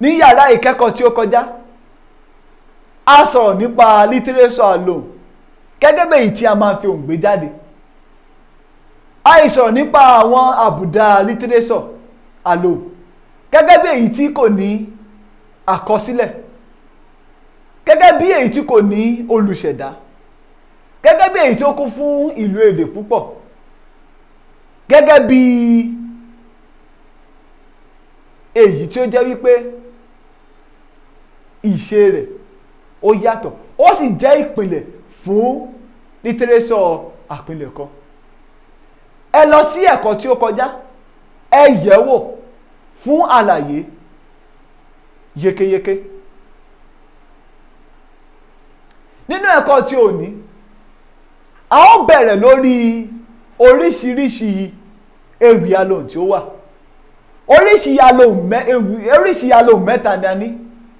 ní yàrá ìkẹ́kọ̀ọ́ tí ó kọjá a sọ̀rọ̀ nípa lítírésọ̀ alone gẹ́gẹ́ bẹ́ẹ̀ yìí tí a máa fi òǹgbé jáde a yìí sọ̀rọ̀ nípa àwọn àbùdá lítírésọ̀ alone gẹ́gẹ́ bí èyí tí kò ní àkọsílẹ̀ gẹ́gẹ́ bí èyí tí kò ní olùṣẹ̀dá gẹ́gẹ́ bí èyí tí ó kún fún ìlú èdè púpọ̀ gẹ́gẹ́ bí èyí tí ó jẹ́ wípé ìṣe rẹ̀ ó yàtọ̀ ó sì jẹ́ ìpìlẹ̀ fún lítírésọ̀ àpilẹ̀kọ ẹ lọ sí ẹ̀kọ́ tí ó kọjá ẹ yẹ̀wò fún àlàyé yékéyéké nínú ẹ̀kọ́ tí ò ní a ó bẹ̀rẹ̀ lórí oríṣiríṣi ewì alohùn tí ó wà oríṣi alohùn mẹ́ta ni a ní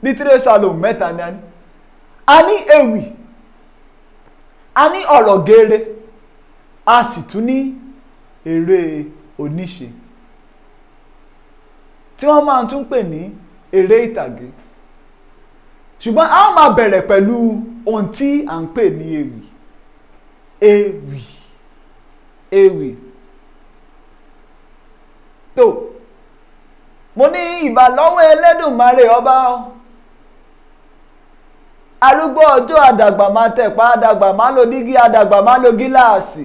lítírésà lòun mẹ́ta ni a ní a ní ewì a ní ọ̀rọ̀ geere a sì tún ní eré oníṣe tí wọ́n máa tún pè ní eré ìtàgé ṣùgbọ́n a máa bẹ̀rẹ̀ pẹ̀lú ohun tí à ń pè ní ewì ewì ewì tó mo ní ìbàlọ́wọ́ Ẹlẹ́dùmarè ọba o arúgbó ọjọ́ àdàgbà máa tẹ̀pá àdàgbà máa lo dígí àdàgbà máa lo gíláàsì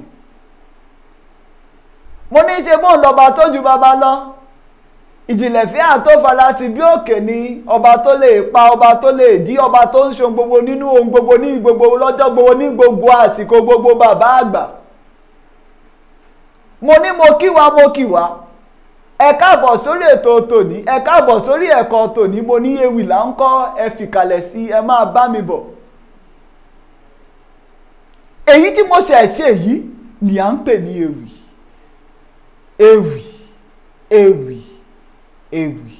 mo ní í ṣe bóun lọ́ba tó ju bàbá lọ ìjìnlẹ̀ fíà tó fara ti bí òkè ni ọba tó lè pa ọba tó lè jí ọba tó ń ṣohun gbogbo nínú ohun gbogbo ní gbogbo lọ́jọ́ gbogbo ní gbogbo àsìkò gbogbo bàbá àgbà mo ní mo kí wa mo kí wa. ẹ káàbọ̀ sórí ètò tòní ẹ káàbọ̀ sórí ẹ̀kọ́ tòní mo ní ewì là ń kọ́ ẹ fìkàlẹ̀ sí ẹ máa bá mi bọ̀. èyí tí mo ṣe ṣe yìí ni à ń pè ní ewì ewì ewì ewì.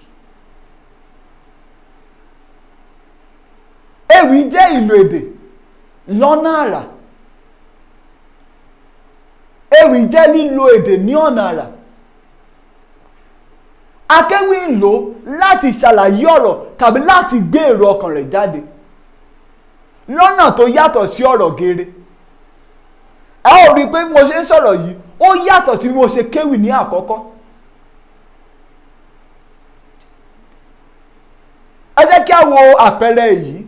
ewì jẹ́ ìlò èdè lọ́nà àrà ewì jẹ́ lílo èdè ní ọ̀nà àrà. akéwì ń lò láti ṣàlàyé ọ̀rọ̀ tàbí láti gbé èrò ọkàn rẹ̀ jáde lọ́nà tó yàtọ̀ sí ọ̀rọ̀ geere a ó rí i pé mo ṣe ń sọ̀rọ̀ yìí ó yàtọ̀ sí bí mo ṣe kéwì ní àkọ́kọ́ ẹ jẹ́ kí a wo àpẹẹrẹ yìí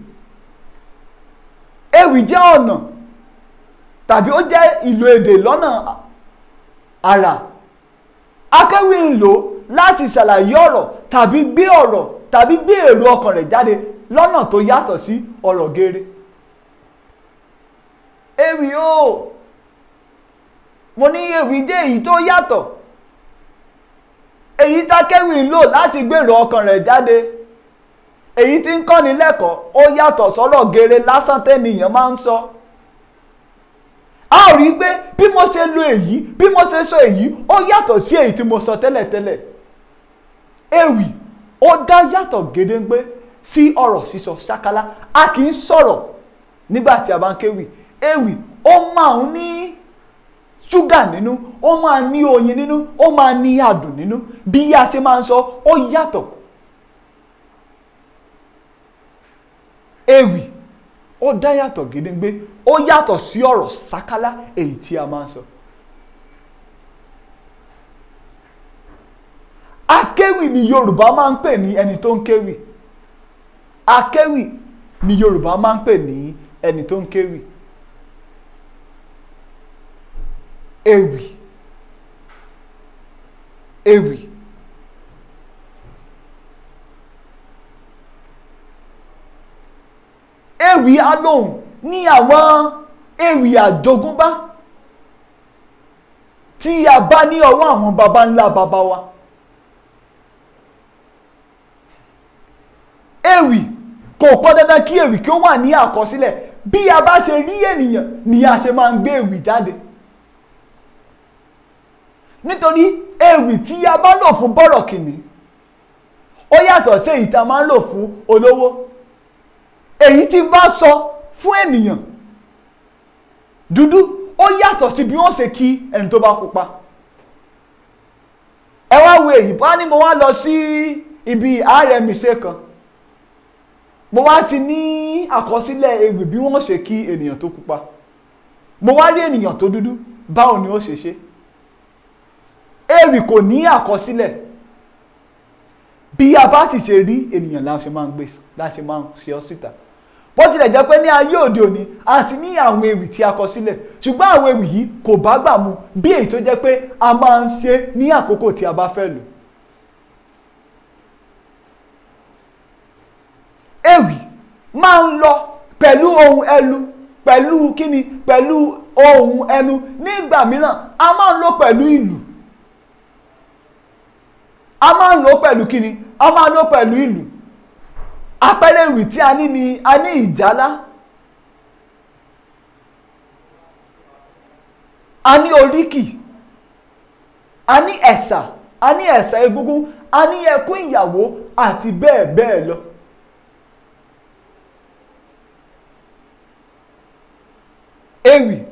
ewì jẹ́ ọ̀nà tàbí ó jẹ́ ìlò èdè lọ́nà àrà akéwì ń lò láti ṣàlàyé ọ̀rọ̀ tàbí gbé ọ̀rọ̀ tàbí gbé èrò ọkàn rẹ̀ jáde lọ́nà tó yàtọ̀ sí ọ̀rọ̀ geere. ewì o mo ní ewì jẹ́ èyí tó yàtọ̀ èyí tákẹ́wì ń lò láti gbèrò ọkàn rẹ̀ jáde èyí tí ń kọ́ni lẹ́kọ̀ọ́ ó yàtọ̀ sọ́rọ̀ geere lásán tẹ́nìyàn máa ń sọ. So a rí i pé bí mo ṣe lo èyí bí mo ṣe sọ èyí ó yàtọ̀ sí èyí tí mo sọ tẹ́lẹ̀tẹ́lẹ̀ ewì ó dá yàtọ̀ gédéǹgbé sí ọ̀rọ̀ sísọ ṣákálá a kì í sọ̀rọ̀ nígbà tí a bá ń kéwì ewì ó máa ń ní ṣúgà nínú ó máa ní oyin nínú ó máa ní adùn nínú bí a ṣe máa ń sọ ó yàtọ̀ ewì ó dá yàtọ̀ gédéǹgbé ó yàtọ̀ sí ọ̀rọ̀ ṣákálá èyí tí a máa ń sọ. So. akéwì ni Yorùbá máa ń pè ní ẹni tó ń kéwì akéwì ni Yorùbá máa ń pè ní ẹni tó ń kéwì ewì ewì ewì alóhùn ní àwọn ewì àjogúnbá tí a bá ní ọwọ́ àwọn baba ńlá baba wa. ewì kò pọ́ dandan kí ewì kí ó wà ní àkọsílẹ̀ bí a bá ṣe rí ènìyàn ni a ṣe máa ń gbé ewì jáde nítorí ewì tí a bá lò fún bọ́rọ̀ kìnní ó yàtọ̀ sí èyí tá a máa ń lò fún olówó èyí tí bá sọ fún ènìyàn dúdú ó yàtọ̀ sí bí wọ́n ṣe kí ẹni tó bá pupa ẹ wá wo èyí bá ní mo wá lọ sí ibi àárẹ̀ mi kan mo wá ti ní àkọsílẹ̀ ewì bí wọ́n ṣe kí ènìyàn tó pupa mo wá rí ènìyàn tó dúdú báwo ni ó ṣe ṣe ewì kò ní àkọsílẹ̀ bí a bá sì ṣe rí ènìyàn la ṣe máa ń gbé láti máa ń ṣe ọ síta bó tilẹ̀ jẹ́ pé ní ayé òde òní a ti ní àwọn ewì tí a kọ sílẹ̀ ṣùgbọ́n àwọn ewì yìí kò bá gbà mu bí èyí tó jẹ́ pé a máa ń ṣe ní àkókò tí a bá fẹ́ lò máa ń lọ pẹ̀lú ohun ẹlu pẹ̀lú kíni pẹ̀lú ohun ẹnu nígbà mìíràn a máa ń lò pẹ̀lú ìlù a máa ń lò pẹ̀lú kíni a máa ń lò pẹ̀lú ìlù àpẹẹrẹ ìwì tí a ní ni a ní ìjálá a ní oríkì a ní ẹ̀sà a ní ẹ̀sà egúngún a ní ẹkún ìyàwó àti bẹ́ẹ̀ bẹ́ẹ̀ lọ. ewì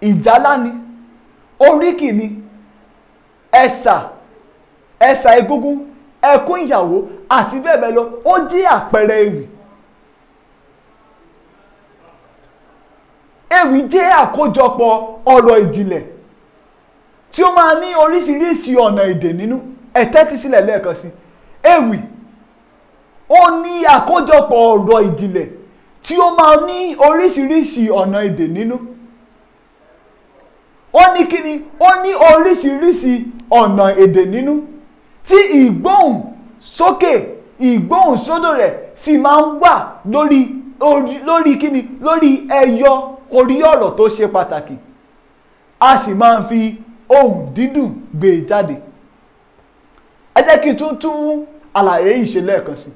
ìjálá ni oríkì ni ẹ̀sà ẹ̀sà egúngún ẹkún ìyàwó àti bẹ́ẹ̀ bẹ́ẹ̀ lọ ó jẹ́ àpẹẹrẹ ewì ewì jẹ́ àkójọpọ̀ ọ̀rọ̀ ìjìnlẹ̀ tí ó máa ní oríṣiríṣi ọ̀nà èdè nínú ẹ tẹ́tí sílẹ̀ lẹ́ẹ̀kan sí ewì ó ní àkójọpọ̀ ọ̀rọ̀ ìjìnlẹ̀ tí ó máa ní oríṣiríṣi ọ̀nà èdè nínú ó ní kíni ó ní oríṣiríṣi ọ̀nà èdè nínú tí ìgbóhùn sókè ìgbóhùn sódò rẹ̀ sì máa ń wà lórí lórí kíni lórí ẹyọ orí ọ̀rọ̀ tó ṣe pàtàkì a sì máa ń fi ohùn dídùn gbé e jáde ẹ jẹ́ kí n tún tún àlàyé yìí lẹ́ẹ̀kan sí i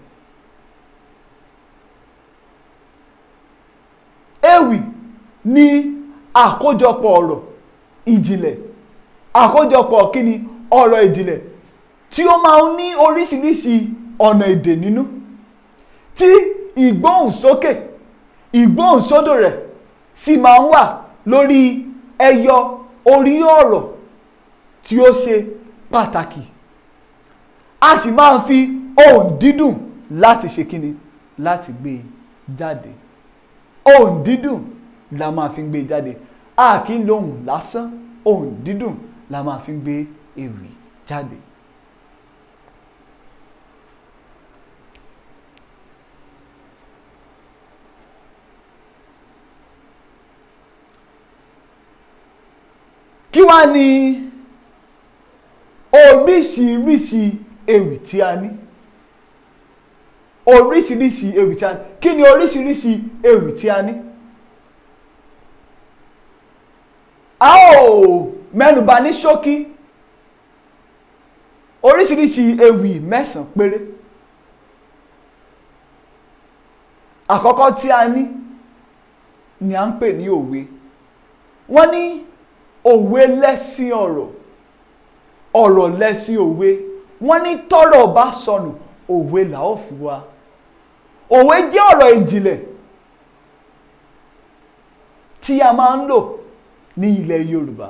ewì ni àkójọpọ̀ ọ̀rọ̀ ìjìnlẹ̀ àkójọpọ̀ kíni ọ̀rọ̀ ìjìnlẹ̀ tí ó máa ń ní oríṣiríṣi ọ̀nà èdè nínú tí ìgbóhùnsókè ìgbóhùnsódò rẹ̀ sì máa ń wà lórí ẹyọ orí ọ̀rọ̀ tí ó ṣe pàtàkì a sì máa fi ohùn dídùn láti ṣe kíni láti gbé e jáde ohùn dídùn la máa fi ń gbé e jáde a kì í lóhùn lásán ohùn dídùn la máa fi ń gbé ewì jáde. kí wàá ní oríṣiríṣi ewì tí a ní oríṣiríṣi ewì tí a ní kí ni oríṣiríṣi ewì tí a ní. a ó mẹ́nubà ní ṣókí oríṣiríṣi ewì mẹ́sàn-án péré àkọ́kọ́ tí a ní ni à ń pè ní òwe wọ́n ní òwe lẹ́sìn ọ̀rọ̀ ọ̀rọ̀ lẹ́sìn òwe wọ́n ní tọ́rọ̀ bá sọnù òwe là ó fi wá òwe jẹ́ ọ̀rọ̀ ìjìnlẹ̀ tí a máa ń lò ní ilẹ̀ Yorùbá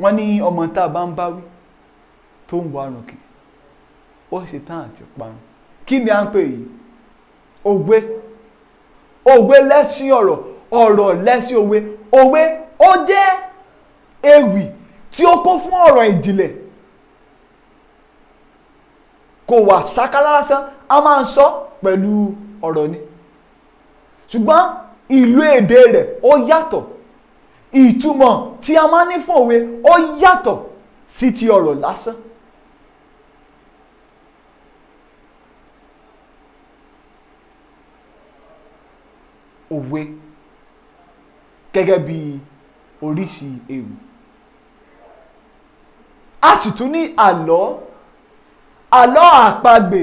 wọ́n ní ọmọ tá a bá ń báwí tó ń warùn kì ó ṣe tán àti parun kí ni à ń pè yìí òwe òwe lẹ́sìn ọ̀rọ̀ ọ̀rọ̀ lẹ́sìn òwe òwe ó jẹ́ ewì tí ó kún fún ọ̀rọ̀ ìjìnlẹ̀ kò wà sákálá lásán a máa ń sọ pẹ̀lú ọ̀rọ̀ ni ṣùgbọ́n ìlú èdè rẹ̀ ó yàtọ̀ ìtumọ̀ tí a máa ní fún òwe ó yàtọ̀ sí ti ọ̀rọ̀ lásán. òwe gẹ́gẹ́ bí oríṣi ewu a sì tún ní àlọ́ àlọ́ àpagbè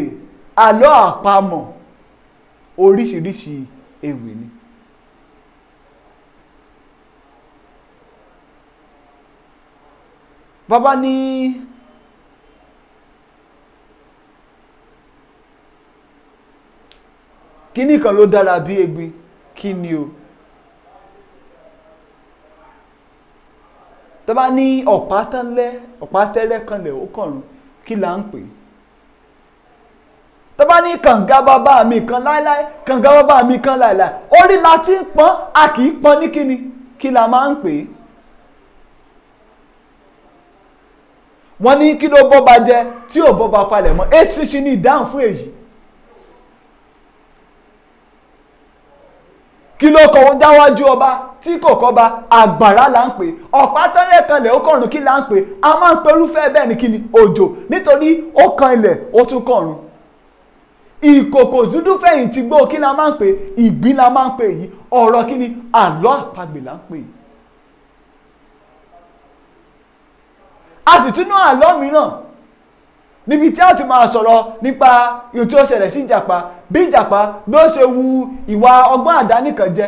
àlọ́ àpamọ̀ oríṣiríṣi ewì ni. bàbá ní kíní kan ló dára bí egbin kí ni o. tó bá ní ọ̀pá tẹ́lẹ̀ ọ̀pá tẹ́lẹ̀ kanlẹ̀ ó kànrún kí là ń pè tó bá ní kànga bàbá mi kan láéláé kànga bàbá mi kan láéláé orí la ti ń pọ́n a kì í pọ́n ní kíni kí la máa ń pè é wọ́n ní kí ló bọ́ba jẹ tí ò bọ́ba palẹ̀ mọ́ èsì sí ni ìdáhùn fún èyí kí ló kọ wọn dáwájú ọba tí kò kọba àgbàrá là ń pè ọ̀pá tẹ́lẹ̀ kanlẹ̀ ó kọ̀run kí là ń pè a máa ń perúfẹ́ bẹ́ẹ̀ ni kí ni òjò nítorí ó kan ilẹ̀ ó tún kọ̀run ìkòkò dúdú fẹ̀yìntì gbó kí la máa ń pè ìgbín la máa ń pè yìí ọ̀rọ̀ kí ni àlọ́ àpagbè la ń pè yìí a sì tún àlọ́ mìíràn níbi tí a tún máa sọ̀rọ̀ nípa ìhùn tí ó ṣẹlẹ̀ sí ìjàpá bí ìjàpá bí ó ṣe wu ìwà ọgbọ́n àdánìkan jẹ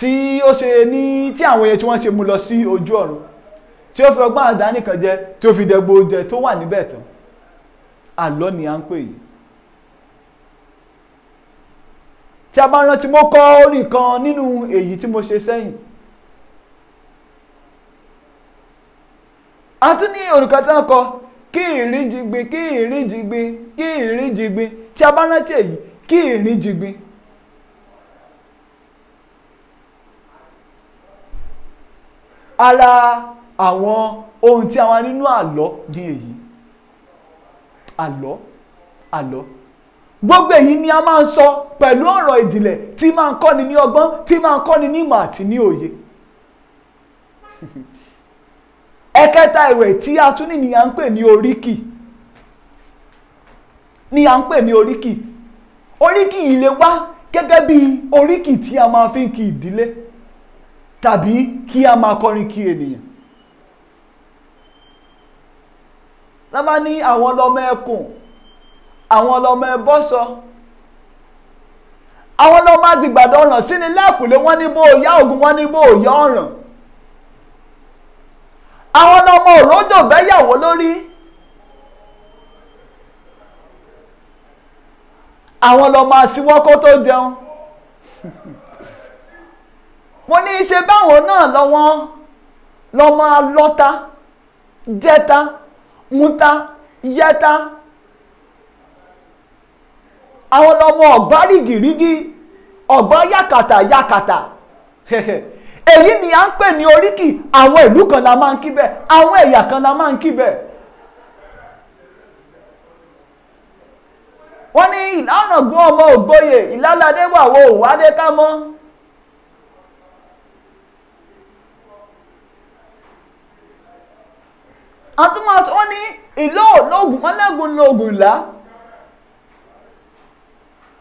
tí ó ṣe ní tí àwọn èèyàn tí wọ́n ṣe mú lọ sí ojú ọ̀run tí ó fi ọgbọ́n àdánìkan tí ó fi dẹgbo jẹ tó wà níbẹ̀ tán àlọ́ ni à ń pè yìí tí a bá rántí mo kọ́ orin kan nínú èyí tí mo ṣe sẹ́yìn a tún ní òrùka tí wọ́n kọ kí ìrìn jìngbìn kí ìrìn jìngbìn kí ìrìn jìngbìn tí a bá rántí èyí kí ìrìn jìngbìn. ara àwọn ohun tí a wá nínú àlọ́ di èyí àlọ́ àlọ́ gbogbo èyí ni a máa ń sọ pẹ̀lú ọ̀rọ̀ ìdílẹ̀ tí máa ń kọ́ni ní ọgbọ́n tí máa ń kọ́ni ní ìmọ̀ àti ní òye. eketa iwe tí a tún ní ni à ń pè ní oríkì ni à ń pè ní oríkì oríkì wá gẹ́gẹ́ bí oríkì tí a máa fi ń kí ìdílé tàbí kí a máa kọrin kí ènìyàn lábá ní àwọn lọmọ ẹkùn àwọn lọmọ ẹbọsọ àwọn lọmọ agbègbàdo ni ní bó yá ní bó yá àwọn ọmọ òrójò bẹ́yàwó lórí àwọn lọ́mọ àsíwọ́kó tó jẹun mo ní í ṣe báwọn náà lọ́wọ́ lọ́mọ lọ́ta jẹta múta yẹta àwọn lọ́mọ ọ̀gbá rìgìrìgì ọ̀gbá yàkàtà yàkàtà èyí ni à ń pè ní oríkì àwọn ìlú kan la máa ń kí bẹ́ẹ̀ àwọn ẹ̀yà kan la máa ń kí bẹ́ẹ̀. wọ́n ní ìlànà gún ọmọ ògbóyè ìlàládé wà wo òwádé ká mọ́. àtúmọ̀ wọ́n ní ìlú òlógùn wọ́n lẹ́gùn lóògùn ìlà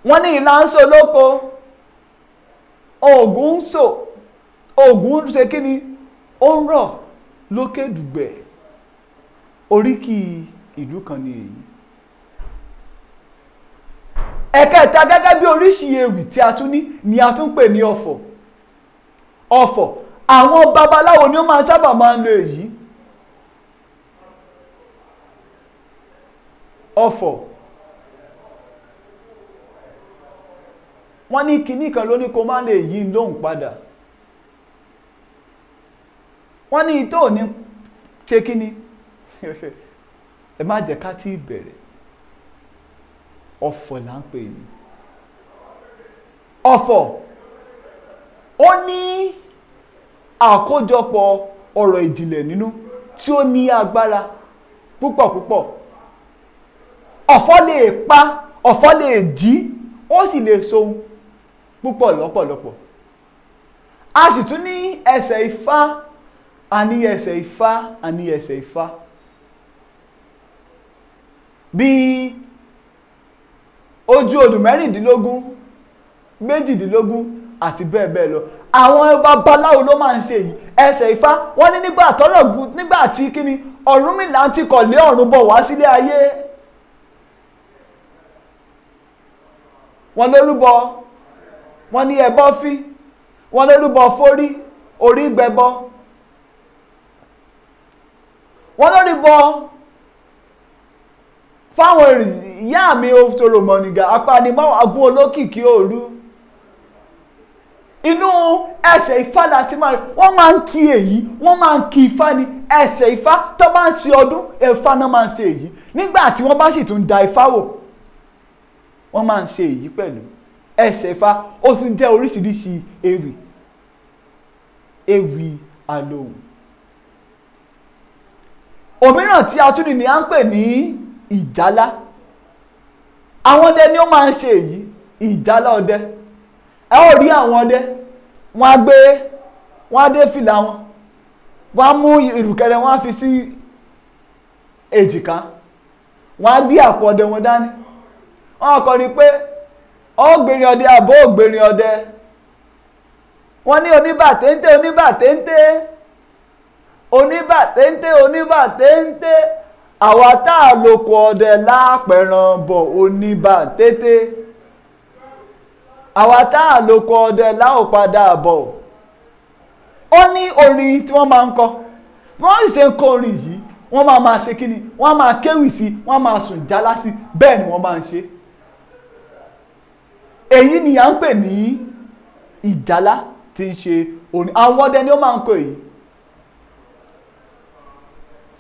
wọ́n ní ìlà ń so lóko ògùn ń so. ògùn ṣe kí ni ó ń rọ̀ lókè dùgbẹ̀ oríkì ìlú kan ni èyí ẹ̀kẹta gẹ́gẹ́ bí oríṣi ewì tí a tún ní ni a tún pè ní ọ̀fọ̀ ọ̀fọ̀ àwọn babaláwo ni ó máa sábà máa ń lo èyí ọ̀fọ̀ wọ́n ní kinní kan ló ní kó má lè yí lóhùn padà wọ́n ní ìtò ní ṣe kí ni ẹ má jẹ́ ká tí bẹ̀rẹ̀ ọ̀fọ̀ là ń pè ní ọ̀fọ̀ ó ní àkójọpọ̀ ọ̀rọ̀ ìjìnlẹ̀ nínú tí ó ní agbára púpọ̀ púpọ̀ ọ̀fọ̀ lè pa ọ̀fọ̀ lè jí ó sì lè sohun púpọ̀ lọ́pọ̀lọpọ̀ a sì tún ní ẹsẹ̀ ifá Ani ní ẹsẹ̀ ifá a ní ẹsẹ̀ ifá bí ojú odù mẹ́rìndínlógún méjìdínlógún àti bẹ́ẹ̀ bẹ́ẹ̀ lọ àwọn babaláwo ló máa ń ṣe yìí ẹsẹ̀ ifá wọ́n ní nígbà tọ́rọ̀ gùn nígbà tí kíni ọ̀rúnmìlà ti kọ̀lé ọ̀run bọ̀ wá sílé ayé wọ́n lórúbọ wọ́n ní ẹbọ fí wọ́n lórúbọ fórí orí gbẹbọ wọ́n lórí bọ fáwọn ìyá mi ó toro mọ̀nìgà apanimọ́ agbó olókìkí òru inú ẹsẹ̀ ifá láti máa rí wọ́n máa ń kí èyí wọ́n máa ń kí ifá ni ẹsẹ̀ ifá tó bá ń ṣe ọdún ifá náà máa ń ṣe èyí nígbà tí wọ́n bá sì tún da ifá wò wọ́n máa ń ṣe èyí pẹ̀lú ẹsẹ̀ ifá ó tún jẹ́ oríṣiríṣi ewì ewì alohùn òmíràn tí a tún ní ni à ń pè ní ìjálá àwọn ọdẹ ni ó máa ń ṣe èyí ìjálá ọdẹ ẹ ó rí àwọn ọdẹ wọn á gbé wọn á dé fìlà wọn wọn á mú ìrùkẹ̀rẹ̀ wọn á fi sí èjìká wọn á gbé àpò ọdẹ wọn dání wọn kọ ni pé ọgbìnrin ọdẹ àbọ̀ ògbìnrin ọdẹ wọn ní oníbàtéńté oníbàtéńté oníbàtéńté oníbàtéńté àwa tá a lóko ọdẹ láàpẹ̀ràn bọ̀ oníbàtéńté àwa tá a lóko ọdẹ láò padà bọ̀ ó ní orin tí wọ́n máa ń kọ wọ́n sì ṣe ń kọ orin yìí wọ́n máa máa ṣe kíni wọ́n máa kéwì sí wọ́n máa sùn jálá sí bẹ́ẹ̀ ni wọ́n máa ń ṣe èyí ni à ń pè ní ìjálá tí ń ṣe orin àwọn ọdẹ ni ó máa ń kọ èyí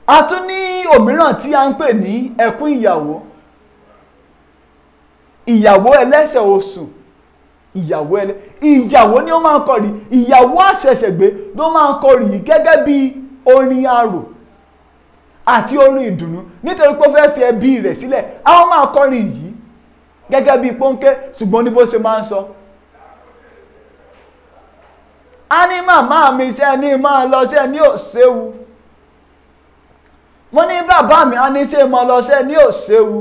a tún ní òmíràn tí a ń pè ní ẹkún ìyàwó ìyàwó ẹlẹ́sẹ̀ oṣù ìyàwó ẹlẹ́ ìyàwó ni ó máa ń kọrin ìyàwó àṣẹ̀ṣẹ̀gbé ló máa ń kọrin yìí gẹ́gẹ́ bí orin arò àti orin ìdùnnú nítorí pé ó fẹ́ fi ẹbí rẹ̀ sílẹ̀ a ó máa kọrin yìí gẹ́gẹ́ bí pọ́ńké ṣùgbọ́n ní bó ṣe máa ń sọ a ní màmá mi ṣe ní máa lọ ṣe ní òṣèwù mo ní bàbá mi á ní ṣe mọ lọ́sẹ̀ ní òṣèwú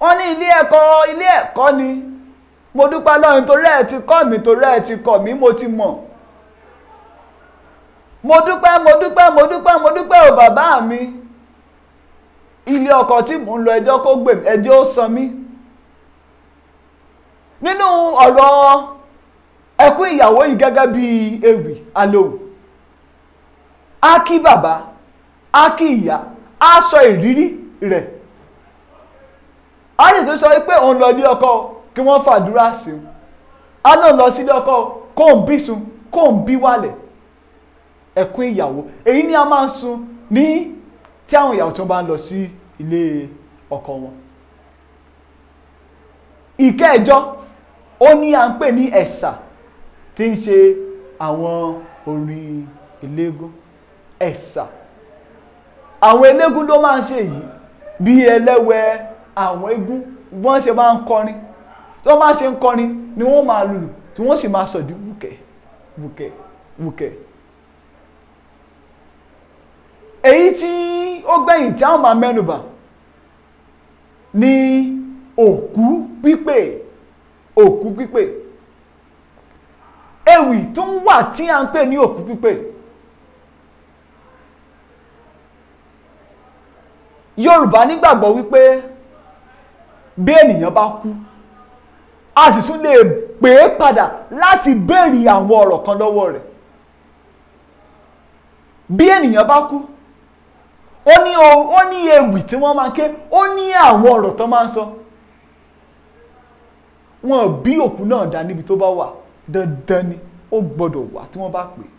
wọ́n ní ilé ẹ̀kọ́ ilé ẹ̀kọ́ ni mo dúpẹ́ lọ́run torí ẹ̀ ti kọ́ mi torí ẹ̀ ti kọ̀ mí mo ti mọ̀ mo dúpẹ́ mo dúpẹ́ mo dúpẹ́ mo dúpẹ́ o bàbá mi ilé ọkọ̀ tí mò ń lọ ẹjọ́ kó gbè ẹjọ́ ó san mí nínú ọ̀rọ̀ ẹkún ìyàwó yìí gẹ́gẹ́ bíi ewì alóhùn á kí bàbá á kí ìyá á sọ ìrírí rẹ̀ á sì tún sọ pé òun lọ ilé ọkọ kí wọ́n fàdúrà sí i á náà lọ sílé ọkọ kó ń bí sun kó ń bí wálẹ̀ ẹkún ìyàwó èyí ni a máa ń sun ní tí àwọn ìyàwó tó bá ń lọ sí ilé ọkọ wọn ìkẹjọ ó ní à ń pè ní ẹ̀sà tí ń ṣe àwọn orin eléégún ẹ̀sà. E àwọn eléégún ló máa ń ṣe yìí bí ẹlẹ́wẹ̀ àwọn eégún wọ́n ṣe máa ń kọrin tí wọ́n ṣe ń kọrin ni wọ́n máa lùlù tí wọ́n sì máa sọ̀dí wùkẹ́ wùkẹ́ wùkẹ́ èyí tí ó gbẹ̀yìn tí àwọn máa mẹ́nubà ni òkú pípè òkú pípè ewì tún wà tí à ń pè ní òkú pípè Yorùbá nígbàgbọ́ wípé bí ènìyàn bá kú a sì tún lè pè é padà láti béèrè àwọn ọ̀rọ̀ kan lọ́wọ́ rẹ̀ bí ènìyàn bá kú ó ní ó ní ewì tí wọ́n máa ké ó ní àwọn ọ̀rọ̀ tó máa ń sọ wọn bí òkú náà dá níbi tó bá wà dandan ni ó gbọ́dọ̀ wà tí wọ́n bá pè é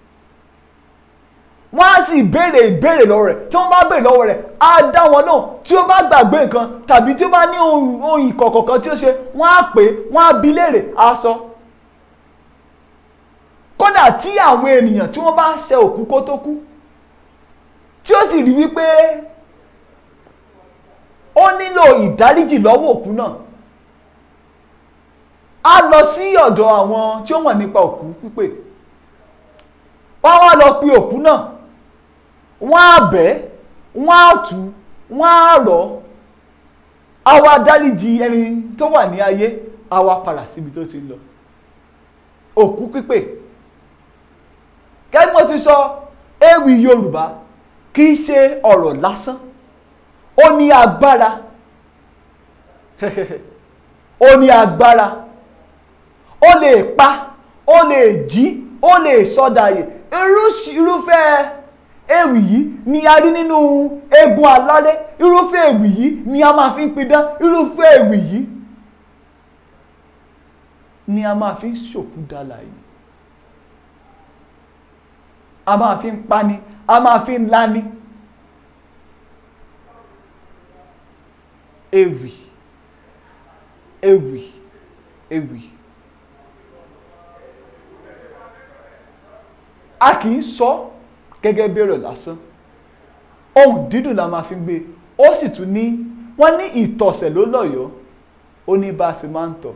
wọ́n á sì béèrè ìbéèrè lọ́wọ́ rẹ̀ tí wọ́n bá béèrè lọ́wọ́ rẹ̀ á dá wọn lóhùn tí ó bá gbàgbé nǹkan tàbí tí ó bá ní ohun ìkọ̀kọ̀ kan tí ó ṣe wọ́n á pè é wọ́n á bi léèrè á sọ. kódà tí àwọn ènìyàn tí wọ́n bá ṣe òkú kó tó kú tí ó sì rí wípé ó nílò ìdáríjì lọ́wọ́ òkú náà á lọ sí ọ̀dọ̀ àwọn tí ó mọ̀ nípa òkú pípè wọ́n wá lọ pe òkú náà wọ́n á bẹ̀ wọ́n á tù wọ́n á rọ̀ àwa dáríji ẹni tó wà ní ayé àwa padà síbi tó ti lọ òkú pípè kẹ́gbọ́n ti sọ ewì Yorùbá kì í ṣe ọ̀rọ̀ lásán ó ní agbára ó ní agbára ó lè pa ó lè jí ó lè sọdàyè irúfẹ́ ewì yìí ni a rí nínú egun alálẹ̀ irúfẹ́ ewì yìí ni a máa fi ń pidán irúfẹ́ ewì yìí ni a máa fi ń ṣòkú dàlàyé a máa fi ń pani a máa fi ń lani ewì ewì ewì a kì í sọ. So gẹ́gẹ́ bí ọ̀rọ̀ lásán ohun dídùn la máa fi gbé ó sì tún ní wọ́n ní ìtọ̀sẹ̀ ló lọ́yọ̀ọ́ ó ní bá a sì máa ń tọ̀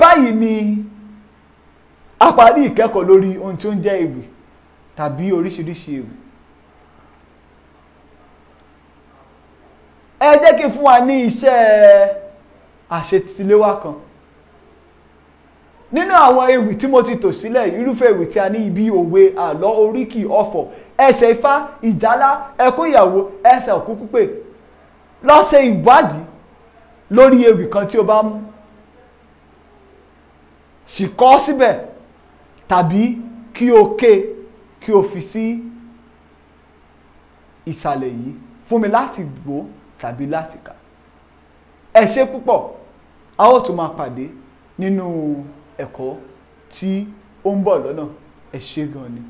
báyìí ni a parí ìkẹ́kọ̀ọ́ lórí ohun tí ó ń jẹ́ ewì tàbí oríṣiríṣi ewì ẹ jẹ́ kí n fún wa ní iṣẹ́ àṣetiléwá kan nínú àwọn ewì tí mo ti tò sílẹ̀ irúfẹ́ ewì tí a ní ibi òwe àlọ́ oríkì ọ̀fọ̀ ẹsẹ̀ ifá ìjálá ẹkún ìyàwó ẹsẹ̀ òkúkú pè lọ ṣe ìwádìí lórí ewì kan tí o bá mú sì kọ síbẹ̀ tàbí kí o ké kí o fi sí ìsàlẹ̀ yìí fún mi láti gbọ́ tàbí láti kà ẹ ṣé púpọ̀ a ó tún máa pàdé nínú. No ẹ̀kọ́ tí ó ń bọ̀ lọ́nà ẹ gan ni.